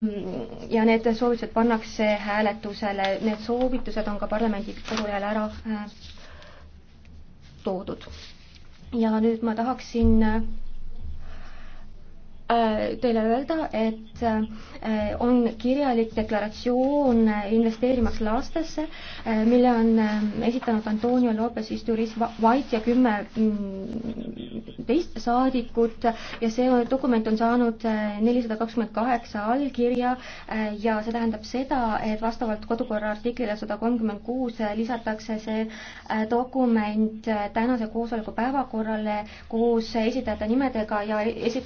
Mm, ja need soovitused pannakse hääletusele, need soovitused on ka parlamendi kodulehel ära äh, toodud. ja nüüd ma tahaksin äh, teile öelda, et äh, on kirjalik deklaratsioon investeerimaks lastesse, mille on esitanud Antonio Lopez Isturiz White ja kümme mm, teist saadikut ja see dokument on saanud äh, nelisada kakskümmend kaheksa allkirja äh, ja see tähendab seda, et vastavalt kodukorra artiklile sada kolmkümmend kuus äh, lisatakse see dokument tänase koosoleku päevakorrale koos esitajate nimedega ja esitatud